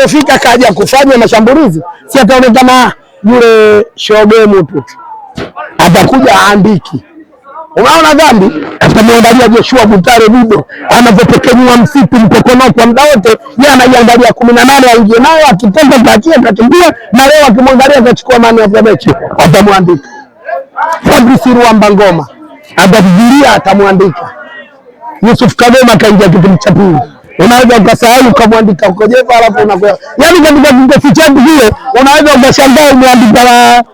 Profita kaja kufanya mashambulizi, si ataona kama yule shogemu tu, atakuja aandiki. Unaona dhambi, atamwangalia Joshua Butare Bido anavyopekenyua msitu kwa muda wote, yeye anaiangalia kumi na nane aingie nayo, akitoka patia atakimbia, na leo akimwangalia atachukua mani ya mechi, atamwandika. Fabrice Ruamba Ngoma atavigilia, atamwandika. Yusuf Kagoma kaingia kipindi cha pili unaweza ukasahau ukamwandika Jeva, alafu unakuwa yani katika kikosi changu kile unaweza ukashangaa umeandika wa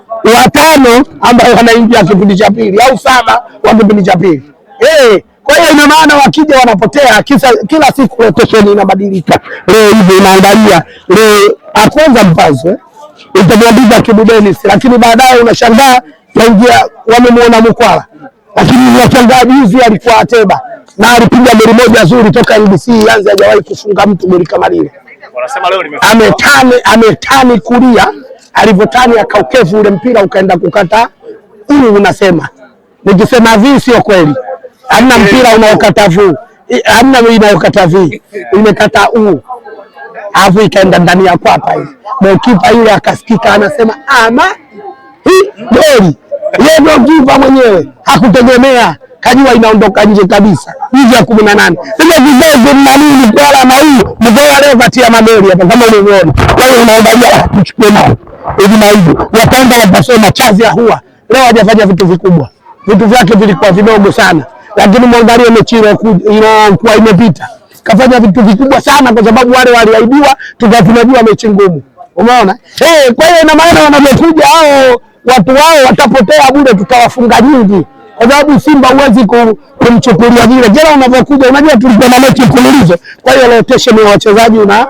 watano ambao wanaingia kipindi cha pili au saba wa kipindi cha pili eh. Kwa hiyo ina maana wakija wanapotea kisa, kila siku rotation inabadilika. Leo hivi unaangalia leo akwanza mpazo eh, utamwandika Kibu Dennis, lakini baadaye unashangaa kaingia wamemuona Mkwala, lakini unashangaa juzi alikuwa Ateba na alipiga goli moja zuri toka NBC ianze, hajawahi kufunga mtu goli kama lile. Wanasema leo nimefunga. Ametani, ametani kulia, alivyotani akaukevu ule mpira ukaenda kukata huyu. Unasema nikisema hivi sio kweli, hamna mpira unaokata vu, hamna inayokata vi, imekata u alafu ikaenda ndani ya kwapa hivi, mkipa yule akasikika anasema ama hii goli, yeye ndio kipa mwenyewe hakutegemea kajua inaondoka nje kabisa, hizi ya kumi na nane. Sasa vizazi mna nini? Mtwara na huyu Mtwara leo katia magoli hapa, kama ulivyoona. wewe unaangalia ah, mchukue nao hivi na hivi, wataenda watasema chazi ya huwa leo hajafanya vitu vikubwa, vitu vyake vilikuwa vidogo sana, lakini mwangalie mechi iliyokuwa imepita kafanya vitu vikubwa sana, kwa sababu wale waliaidiwa, tukatunajua mechi ngumu, umeona eh. Kwa hiyo ina maana wanavyokuja hao watu wao watapotea bure, tukawafunga nyingi kwa sababu Simba huwezi kumchukulia vile. Jana unavyokuja, unajua tulikuwa na mechi mfululizo, kwa hiyo rotation ya wachezaji una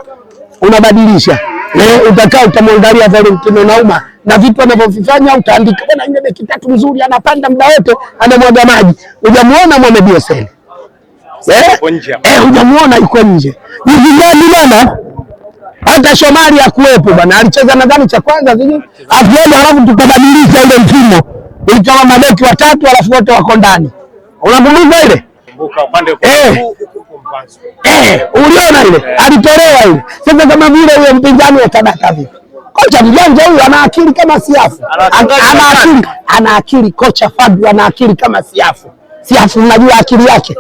unabadilisha eh, utakaa utamwangalia Valentino Nauma na vitu anavyovifanya utaandika, bwana, ile beki tatu nzuri, anapanda muda wote anamwaga maji, hujamuona Mohamed Hussein eh, eh, hujamuona yuko nje hivi gani bana hata Shomari hakuwepo bwana, alicheza nadhani cha kwanza sijui afueni, halafu tukabadilisha ile mfumo ulitoa madeki watatu alafu wote wako ndani, unakumbuka ile eh, eh, uliona ile eh, alitolewa ile. Sasa kama vile huyo mpinzani utadaka vipi? Kocha mjanja huyu ana akili kama siafu, ana akili, ana akili kocha Fadlu ana akili kama siafu. Siafu unajua akili yake,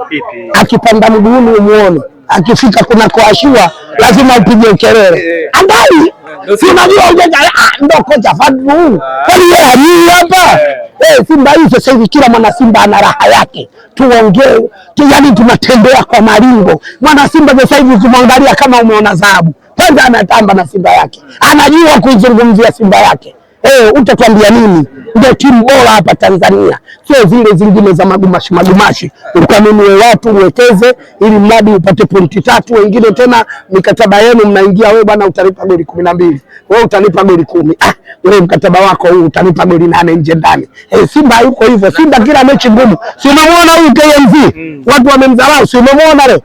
akipanda mguuni umuone, akifika kuna kuashua lazima upige kelele eh. andai, eh. si unajua ah, ndo kocha Fadlu ah. kweli, yeye hapa eh. Hey, eh, Simba hii sasa hivi kila mwana Simba ana raha yake, tuongee tu, yani tunatembea kwa maringo. Mwana Simba sasa hivi ukimwangalia kama umeona dhahabu, kwanza anatamba na Simba yake, anajua kuizungumzia Simba yake. Eh, utatuambia nini? Ndio timu bora hapa Tanzania, sio zile zingine za magumashi magumashi. Ulikuwa nini wewe, watu uwekeze ili mradi upate pointi tatu, wengine tena mikataba yenu mnaingia, wewe bwana utalipa goli kumi na mbili wewe utalipa goli kumi ah, wewe mkataba wako huu utalipa goli nane nje ndani. Eh, Simba yuko hivyo. Simba kila mechi ngumu, si umemwona huyu KMV? Mm. watu wamemdharau, si umemwona leo?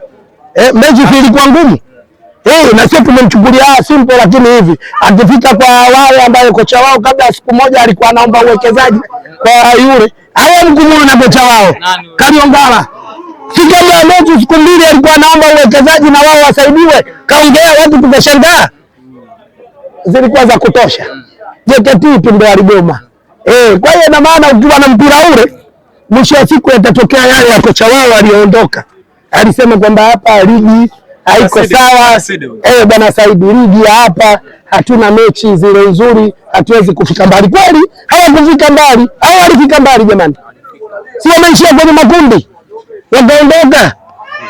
Eh, mechi ilikuwa ngumu Eh, na sio tumemchukulia ah, simple lakini hivi akifika kwa wale ambao kocha wao kabla siku moja alikuwa anaomba uwekezaji kwa yule Aya mgumu na kocha wao Kaliongala. Kariongala sikama mechi siku mbili alikuwa anaomba uwekezaji na wao wasaidiwe, kaongea watu tukashangaa, zilikuwa za kutosha. JKT tumbe aliboma eh. Kwa hiyo na maana ukiwa na mpira ule, mwisho wa siku yatatokea yale ya kocha wao aliyoondoka, alisema kwamba hapa ligi haiko sawa. Eh bwana Saidi, ligi ya hapa hatuna mechi zile nzuri, hatuwezi kufika mbali. Kweli hawakufika mbali au walifika mbali jamani? Si wameishia kwenye makundi wakaondoka,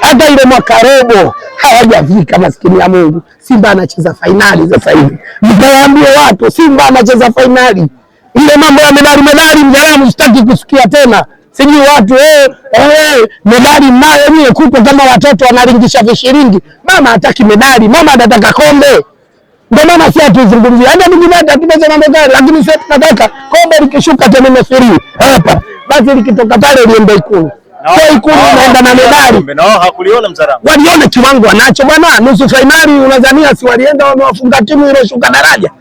hata ile mwaka robo hawajafika. Maskini ya Mungu, Simba anacheza fainali sasa hivi. Mtaambie watu Simba anacheza fainali, ile mambo ya medali medali, mjaramu sitaki kusikia tena sijui watu eh, eh, medali mnayo nyie, kupo kama watoto wanalingisha vishiringi. Mama hataki medali, mama anataka kombe. Ndio maana sisi hatuzungumzia hata mwingine mambo gani, lakini sisi tunataka kombe likishuka tena mefiri hapa basi, likitoka pale liende Ikulu. Kwa Ikulu naenda na medali. hakuliona Waliona kiwango anacho bwana, nusu finali unadhania si walienda wamewafunga timu ile shuka daraja?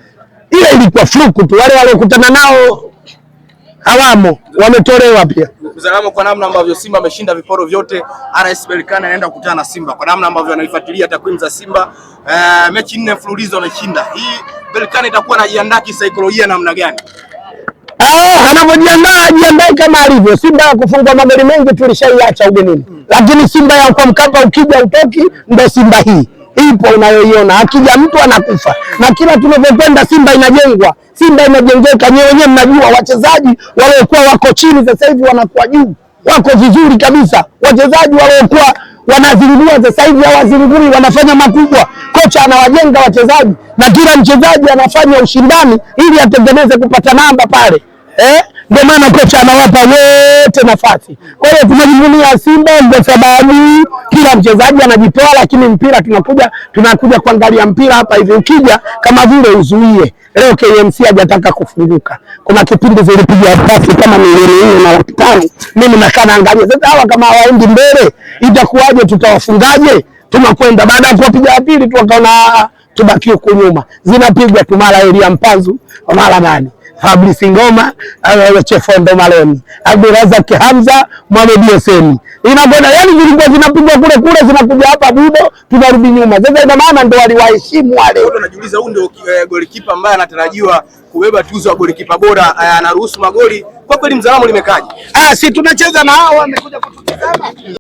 Ile ilikuwa fluku tu, wale waliokutana nao hawamo, wametolewa pia. Mzalamo, kwa namna ambavyo Simba ameshinda viporo vyote, RS Berkane anaenda kukutana na Simba, kwa namna ambavyo anaifuatilia takwimu za Simba ee, mechi nne mfululizo ameshinda, hii Berkane itakuwa anajiandaa kisaikolojia namna gani? Ah, anavyojiandaa ajiandae kama alivyo. Simba ya kufungwa magoli mengi tulishaiacha ugenini, hmm. Lakini Simba ya kwa Mkapa ukija utoki, ndo Simba hii ipo unayoiona. Akija mtu anakufa, na kila tunavyokwenda Simba inajengwa, Simba inajengeka. Nyewe wenyewe mnajua wachezaji waliokuwa wako chini sasa hivi wanakuwa juu, wako vizuri kabisa. Wachezaji waliokuwa wanazingua sasa hivi hawazingui, wanafanya makubwa. Kocha anawajenga wachezaji na kila mchezaji anafanya ushindani ili atengeneze kupata namba pale, eh? Ndio maana kocha anawapa we yote nafasi. Kwa hiyo tunajivunia Simba kwa sababu kila mchezaji anajitoa, lakini mpira tunakuja tunakuja kuangalia mpira hapa hivi, ukija kama vile uzuie. Leo KMC hajataka kufunguka. Kuna kipindi zilipiga pasi kama milioni nne na laki tano, mimi nakaa naangalia. Sasa hawa kama hawaendi mbele itakuwaje? Tutawafungaje? Tunakwenda baada ya kuwapiga pili tu wakaona ah, tubaki huku nyuma, zinapigwa tu mara Elia Mpanzu mara nani Fabrice Ngoma, Chef Ondo Maloni, Abdurazak Hamza, Mohamed Hussein. Inakwenda yani vilikuwa zinapigwa kule kule zinakuja hapa budo tunarudi nyuma. Sasa ina maana ndo waliwaheshimu wale. Watu wanajiuliza huyu ndio eh, golikipa ambaye anatarajiwa kubeba tuzo ya golikipa bora, eh, anaruhusu magoli. Kwa kweli Mzalamu limekaje? Ah, si tunacheza na hao wamekuja kututazama.